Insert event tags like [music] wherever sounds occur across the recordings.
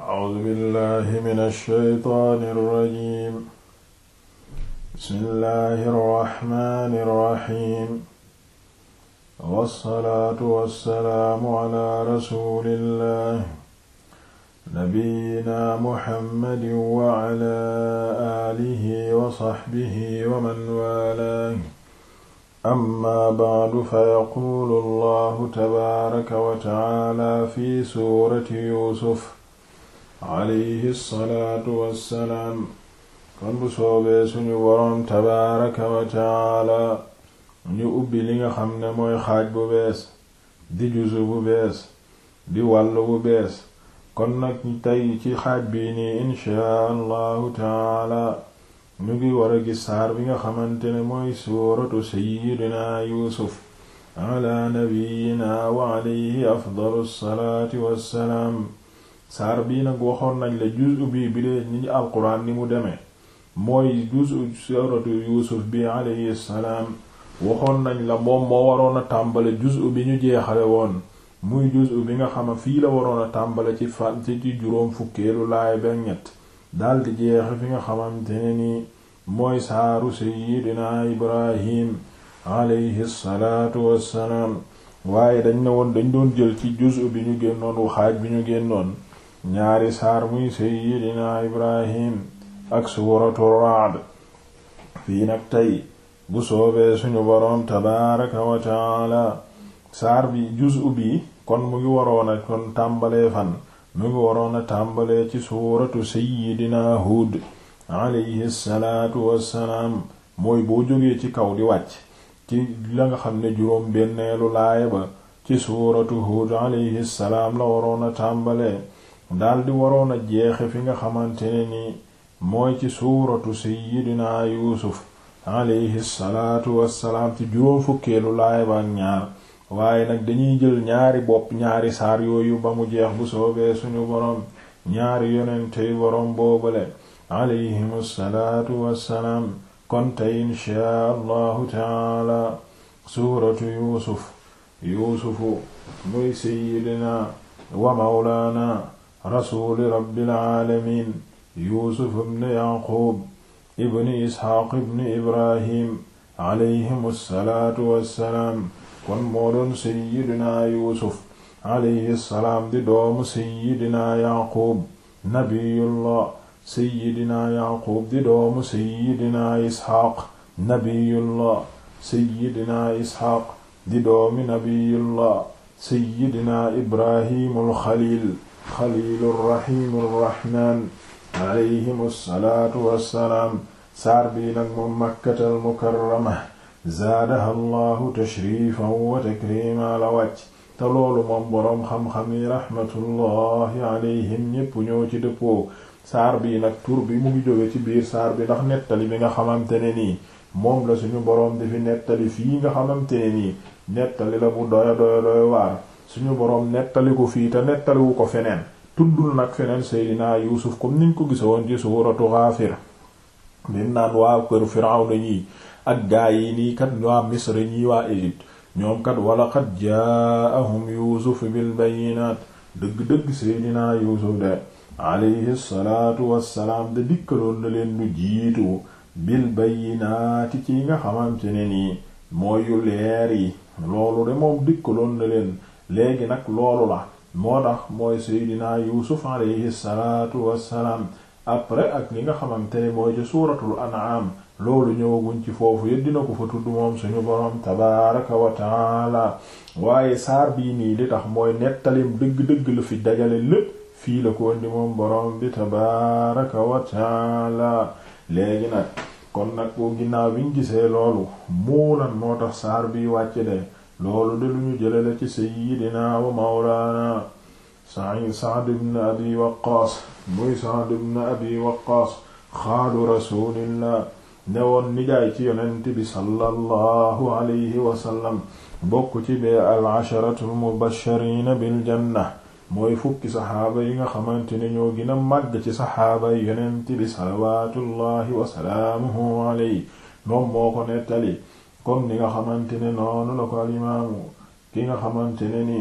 A'uuzu billaahi mina shaytaani rajiim. Bismillaahi rahmaani rahiim. Wassalaatu wassalaamu alaa rasuulillaahi. Nabiyyinaa Muhammadin wa alaa aalihi wa sahbihi wa man waalaahu. Amma ba'du fayaquulu Allaahu tabaaraka wa ta'aalaa fi suurati Yuusuf. alayhi salaatu wassalaam kon bu soobee suñu boroom tabaaraka wa ñu ubbi li nga xam ne mooy xaaj bu bees di juzu bu bees di wàllu bu bees kon nag tey ci xaaj bii nii inchaa allahu taala ñu ngi war a gis saar bi nga xamante ne mooy suuratu sayyidina yuusuf ala nabiyina wa alayhi afdalu salaati wassalaam saar bii nag waxoon nañ la juzu bi bi dee ni alquran ni mu demee mooy juzu suratu yuusuf bi alayhi salaam waxoon nañ la moom moo waroon a tàmbale juzu bi ñu jeexale woon muy juzu bi nga xama fii la waroon a tàmbale ci fan ci ci juróom fukkeelu laay ba ñett daldi jeexe fi nga xamante ne ni mooy saaru seyyidina ibrahim alayhi salaatu wassalaam waaye dañ ne woon dañ doon jël ci juzu bi ñu génnoon waxaaj bi ñu génnoon ñaari saar muy seyyidina ibrahim ak suuratu raad fii nag tey bu soobee suñu boroom tabaaraka wa taala saar bi juzu bi kon mu ngi waroon a kon tàmbalee fan mu ngi waroon a tàmbalee ci suuratu seyyidina hud alayhi salaatu wassalaam mooy boo jógee ci kaw di wàcc ci la nga xam ne juróom benneelu laaya ba ci suuratu hud alayhi salaam la waroon a tàmbalee daldi waroon a jeexe fi nga xamante ni mooy ci suuratu sayyidina yuusuf alayhi salaatu wassalaam ci juróom fukkeelu laay ba ak ñaar waaye nag dañuy jël ñaari bopp ñaari saar yooyu ba mu jeex bu soogee suñu boroom ñaari yonentey boroom boobale alayhimu salaatu wassalaam kon tey inshaa allahu taala suuratu yuusuf yuusufu muy sayyidina wa mawlaana rasuuli rabbil aalamiin yuusuf ibn yaqub ibn isxaaq ibn ibrahim alayhim assalaatu wassalaam kon moo doon sayidinaa yuusuf alayhi salaam di doomu sayidinaa yaqub nabiyullah sayidinaa yaqub di doomu sayidinaa isxaaq nabiyullah sayidinaa isxaaq di doomi nabiyullah sayidinaa ibrahimul xaliil alxalilu rrahimu rrahman alayhim alsalaatu wassalaam saar bii nag moom makkata almukarrama zaadaha allahu tashrifan wa takrima la wàcc te loolu moom boroom xam-xam yi raxmatullahi alayhim ñépp ñoo ci dëppoo saar bii nag tur bi mu ngi jóge ci biir saar bi ndax nettali bi nga xamante ne nii moom la suñu boroom di fi nettali fii nga xamante ne nii nettali la bu doya doya doya waar suñu boroom nettali ko fii te nettaliwu ko feneen tuddul nag feneen seydinaa yuusuf comme niñ ko gisoon ci suuratu Gaafir bim naan waa kër Firawna ñi ak gaa yi nii kat waa Misra ñi waa Égypte ñoom kat wala qad jaa'ahum yuusuf bil bayyinaat dëgg-dëgg seydinaa yuusuf de alayhi wassalaam da dikkaloon na leen lu jiitu bil bayyinaati ci nga xamante ne nii mooy yu leer yi loolu de moom dikkaloon na leen léegi nag loolu la moo tax mooy seydinaa yuusuf alayhi salaatu wassalaam après ak li nga xamante te mooy ci suuratul an'am loolu ñëwaguñ ci foofu yëpp dina ko fa tudd moom suñu boroom tabaaraka wa taala waaye saar bii nii li tax mooy nettalim dëgg-dëgg la fi lépp fii la ko indi moom boroom bi tabaaraka wa taala léegi nag kon nag boo ginnaaw bi biñ gisee loolu muulan moo tax saar bi wàcce de loolu de lu ñu jële la ci sayyidina wa mawlaana sa'id sa'd ibn abi waqqaas muy sa'd ibn abi waqqaas xaalu rasulillah ne woon nijaay ci yonent bi sallallahu alayhi wasallam bokk ci bee al asharatu al mubashirina bil janna mooy fukki saxaaba yi nga xamante ne ñoo gën a màgg ci saxaaba yi yonent bi salawatullahi comme ni nga xamante ne noonu la ko al imaamu ki nga xamante ne ni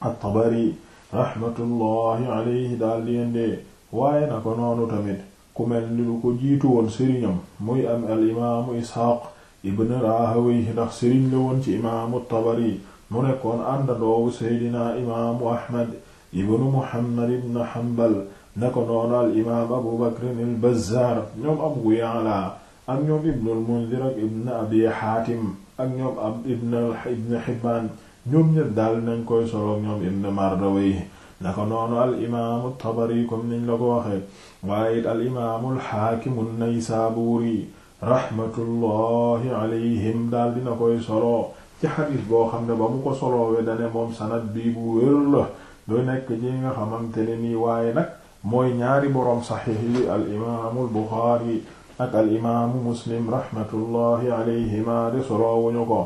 at-Tabari rahmatullahi daal di waaye na ko noonu tamit ku mel ni lu jiitu woon sëriñam muy am al imaamu Isxaaq ibn Rahawayh ndax sëriñ la woon ci imaamu at-Tabari mu nekkoon àndandoowu seydina imaamu Ahmad ibnu Muhammad ibn Hanbal na ko noonu al imaam Abu Bakr al-Bazzaar ñoom Abu Ya'la ak ñoom ibnul ak ibn Abi Hatim ak ñoom ibn ibn Hibbaan ñoom ñëpp daal nañ koy solo ñoom ibn Mardawayh naka noonu al imaamu Tabari comme niñ la ko waxee waaye it al imaamu al Haakim an-Naysaabuuri rahmatullahi alayhim daal dina koy solo ci xadis boo xam ne ba mu ko soloowe dane moom sanad bi bu wér la doo nekk ci nga xamante ne nii waaye nag mooy ñaari borom saxiix yi al imaamu al Buxaari ak al imaamu muslim rahmatullahi alayhima de soroowuñu ko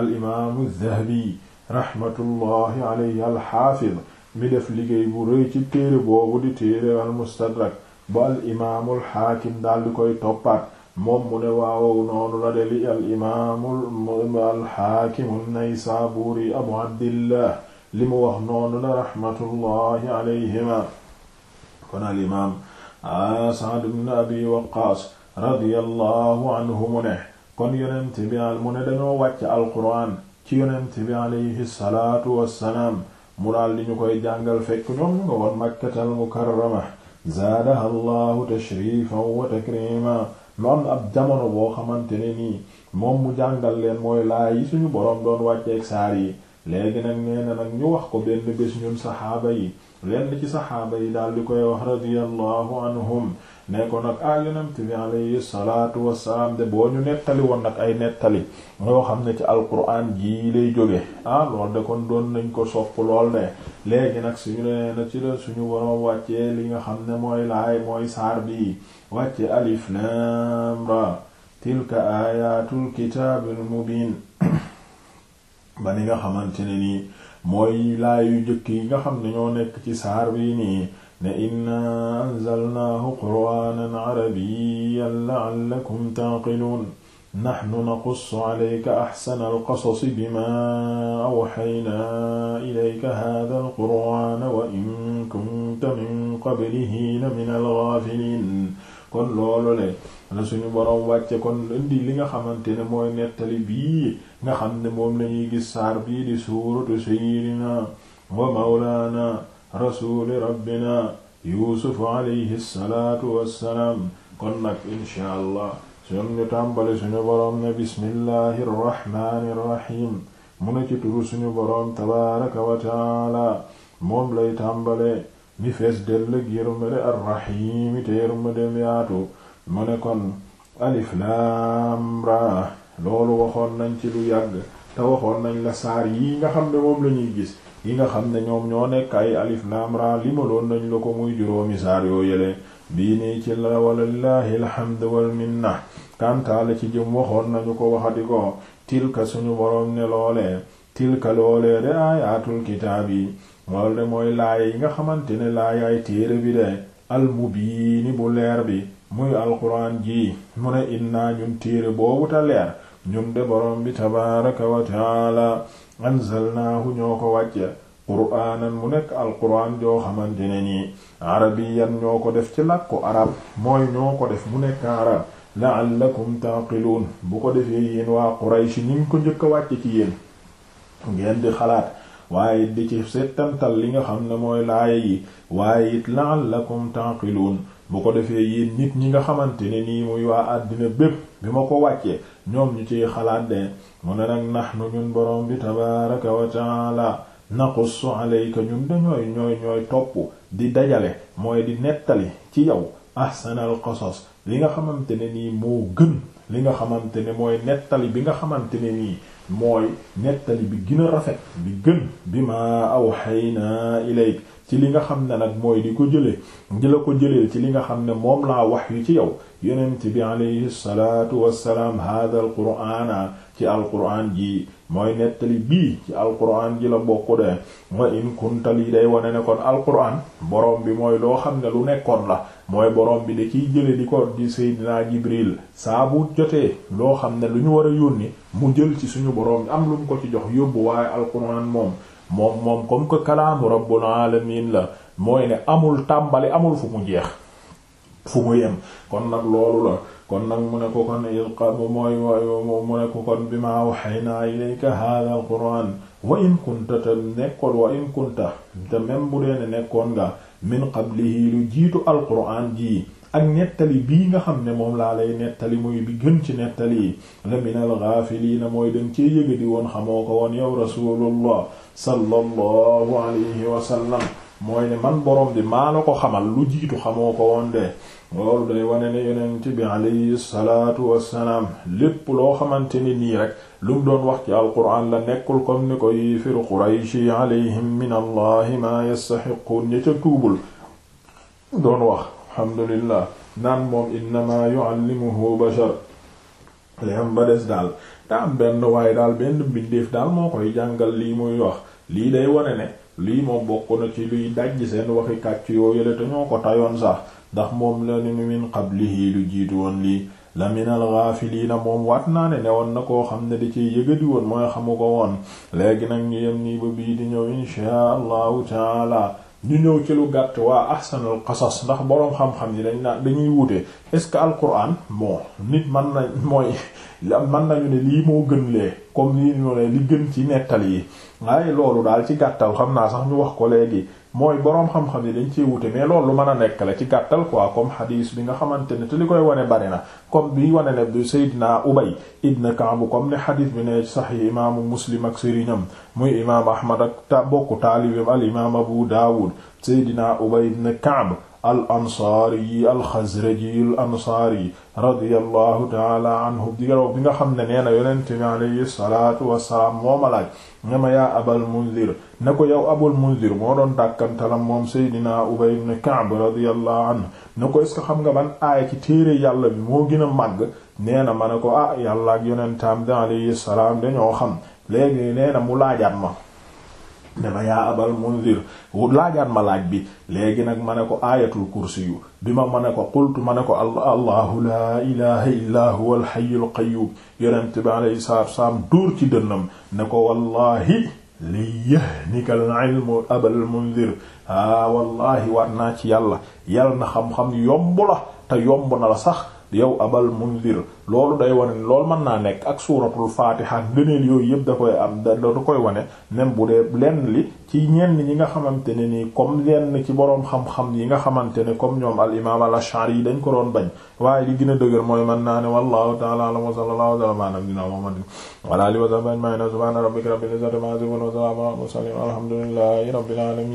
al imaamu dahabi rahmatullahi alayhi al xaafid mi def liggéey bu rëy ci téere boobu di téere al mustadrak ba al imaamul xaakim daal di koy toppaat moom mu ne waawow noonu la de li al imaamul al xaakim naysaabuuri abu abdillah li mu wax noonu la rahmatullahi alayhima kon al imaam Sa'd ibn abi waqaas radiyallahu anhu mu ne kon yonent bi al mu ne dañoo wàcc alquraan ci yonent bi alayhi salaatu wassalaam mu daal di ñu koy jàngal fekk ñoom nga woon makkatal mukarrama zaadaha allahu tashrifan wa takrima mu ab jamono boo xamante ne nii moom mu jàngal leen mooy laa yi suñu boroom doon wàcceeg saar yi léegi nag nee na nag ñu wax ko benn bés ñun saxaaba yi lenn ci saxaaba yi daal di koy wax radiyallahu anhum ne ko nag ah yonent bi alayhi salaatu wassalaam de boo ñu nettali woon nag ay nettali yoo xam ne ci alquran ji lay jóge ah lool de kon doon nañ ko sopp lool de léegi nag suñu nee na ci la suñu boroom wàccee li nga xam ne mooy laay mooy saar bi wàcce alif lam ra tilka ayatul kitaabil mubin [clears throat] ba ni nga xamante nii mooy laay yu jëkk yi nga xam ne ñoo nekk ci saar bi nii ne inna anzalnaahu qur'aanan arabiyyan la'allakum taaqiluun naxnu naqussu alayka axsana alqasasi bimaa awxaynaa ilayka haada alqur'aana wa in kunta min qablihi la min algaafiliin kon loolu le la suñu boroom wàcce kon indi li nga xamante ne mooy nettali bii nga xam ne moom lañuy gis saar bii di suuratu sayyidinaa wa mawlaanaa rasuuli rabbina yuusuf alayhi salaatu wassalaam kon nag inshaa allah suñu ñu tàmbali suñu boroom ne bismillahi rrahmaani mu ne ci turu suñu boroom tabaaraka wa moom lay tàmbale mi fees dell ak yërmande arrahiimi te yërmandeem yaatu mu ne kon alif laam loolu waxoon nañ ci lu yàgg te waxoon nañ la saar yi nga xam ne moom la ñuy gis yi nga xam ne ñoom ñoo nekk ay alif laam ra limaloon nañu la ko muy juróomi saar yoo yële bii nii ci la walillahi alhamdu wal minna kantaale ci jëm waxoon nañu ko waxati ko tilka suñu boroom ne loolee tilka loolee de aayaatul kitaab yi lool de mooy laaya yi nga xamante ne laayaay téere bi de almubiini bu leer bi muy alquran ji mu ne innaa ñun téere boobu ta leer ñun de borom bi tabaaraka wa taala anzalnaahu ñoo ko wàcce quraanan mu nekk alquraan joo xamante ne nii arabiyan ñoo ko def ci làkku arab mooy ñoo ko def mu nekk arab la'allakum taaqiluun bu ko defee yéen waa quraysh ñi ko njëkk a wàcc ci yéen ngeen di xalaat waaye di ci settantal li nga xam ne mooy laaya yi waaye it la'allakum taaqiluun bu ko defee yéen nit ñi nga xamante ne nii muy waa àddina bépp bi ma ko wàccee ñoom ñu ciy xalaat de mu ne nag nahnu ñun borom bi tabaraka wa taala naqussu alayka ñun dañooy ñooy ñooy topp di dajale mooy di nettali ci yow ahsanal kosos li nga xamante ne nii moo gën li nga xamante ne mooy nettali bi nga xamante ne nii mooy nettali bi gën a rafet bi gën bi ma awxaynaa ilayk ci li nga xam ne nag mooy di ko jëlee di la ko jëlee ci li nga xam ne moom laa wax yu ci yow yonent bi alayhi salaatu wassalaam haadha al qur'aana ci alquran ji mooy nettali bii ci alquran ji la bokku de wa in day wane ne kon alquran borom bi mooy loo xam ne lu nekkoon la mooy borom bi da kiy jële di ko di Seydina Jibril saa bu jotee loo xam ne lu ñu war a yónni mu jël ci suñu borom am lu mu ko ci jox yóbbu waaye alquran moom moom moom comme que kalaamu rabbul alamin la mooy ne amul tàmbali amul fu mu jeex fu mu yem kon nag loolu la kon nag mu ne ko kon ilqa mooy mu ne ko kon bi ma waxaynaa ilayka hada al quran wa in kunta te nekkoon wa in kunta te même bu dee ne nekkoon nga min qablihi lu jiitu al quran jii ak nettali bii nga xam ne moom laa lay nettali muy bi gën ci nettali la minal gaafiliina mooy dañ ci yëga di woon xamoo ko woon yow rasulullah sallallahu alayhi wa sallam mooy ne man borom di maa la ko xamal lu jiitu xamoo ko woon de loolu day wane ne yonent bi alayhi salaatu wassalaam lépp loo xamante ni nii rek lu mu doon wax ci alquran la nekkul comme ni ko yéefir qurayshi alayhim min allahi maa yastaxiqun ca tuubul doon wax alhamdulillah naan moom innama yuallimuhu bashar leem ba des daal da benn waaye daal benn mbindeef daal moo koy jàngal lii muy wax lii day wane ne lii moom bokk na ci luy dajj seen waxi kàcc yoo yële te ñoo ko tayoon sax ndax moom la ni min qablihi lu jiitu woon lii la minal gaafiliina moom waat naa ne newoon na koo xam ne da ciy yëgadi woon mooy xamu ko woon léegi nag ñu yem nii ba bii di ñëw inshaa allahu taala ñu ñëw ci lu gàtt waa ahsanul qasas ndax boroom xam-xam yi dañ naan dañuy wuute est-ce que alquran bon nit mën na mooy [laughs] mën nañu ne lii moo gën lee comme ni ñu ne li gën ci nettali yi waaye loolu daal ci gàttal xam naa sax ñu wax ko léegi mooy boroom xam-xam yi dañ ci wute mais loolu lu mën a nekk la ci gàttal quoi comme hadis bi nga xamante ne te li koy wane bari na comme bi wane ne du na Ubay ibn Ka'b comme ni hadis bi ne sahih imaamu Muslim ak sëriñam muy imaam Ahmad ak ta bokku taalibam al imaam Abu Dawud seydina ubay ibn ka'b al ansaari al xazraji al ansaari radiyallahu taala anhu di bi nga xam ne nee na yonent bi alayhi salaatu wassalaam moo ko yow abul munzir moo doon dàkkantalam moom seydina ubay ibn ka'b radiyallahu anhu ne ko est xam nga ban aaya ci téere yàlla bi moo gën a màgg nee na ma ne ko ah yàlla ak yonentam bi alayhi salaam dañoo xam léegi nee mu laajaat ma ne ma yaa abal munzir laajaan ma laaj bi léegi nag ma ne ko aayatul kursiyu bi ma ma ne ko qultu ma ne ko allahu laa ilaha illaa huwa alhayyul qayyum yonent bi alayhi salaatu wasalaam dóor ci dënnam ne ko wallahi li yahnika al ilmu abal munzir aa wallahi war naa ci yàlla yàlla na xam-xam yomb la te yomb na la sax yow abal mundir loolu day wane ni loolu mën naa nekk ak suuratul faatiha gëneel yooyu yëpp da koy am da da koy wane même bu dee lenn li ci ñenn ñi nga xamante ne nii comme lenn ci boroom xam-xam yi nga xamante ne comme ñoom al imaam al ashari yi dañ ko doon bañ waaye li gën a dëgër mooy mën naa ne wallahu ta'ala wa sallallahu ala nabiyyina alhamdulillahi rabbil alamin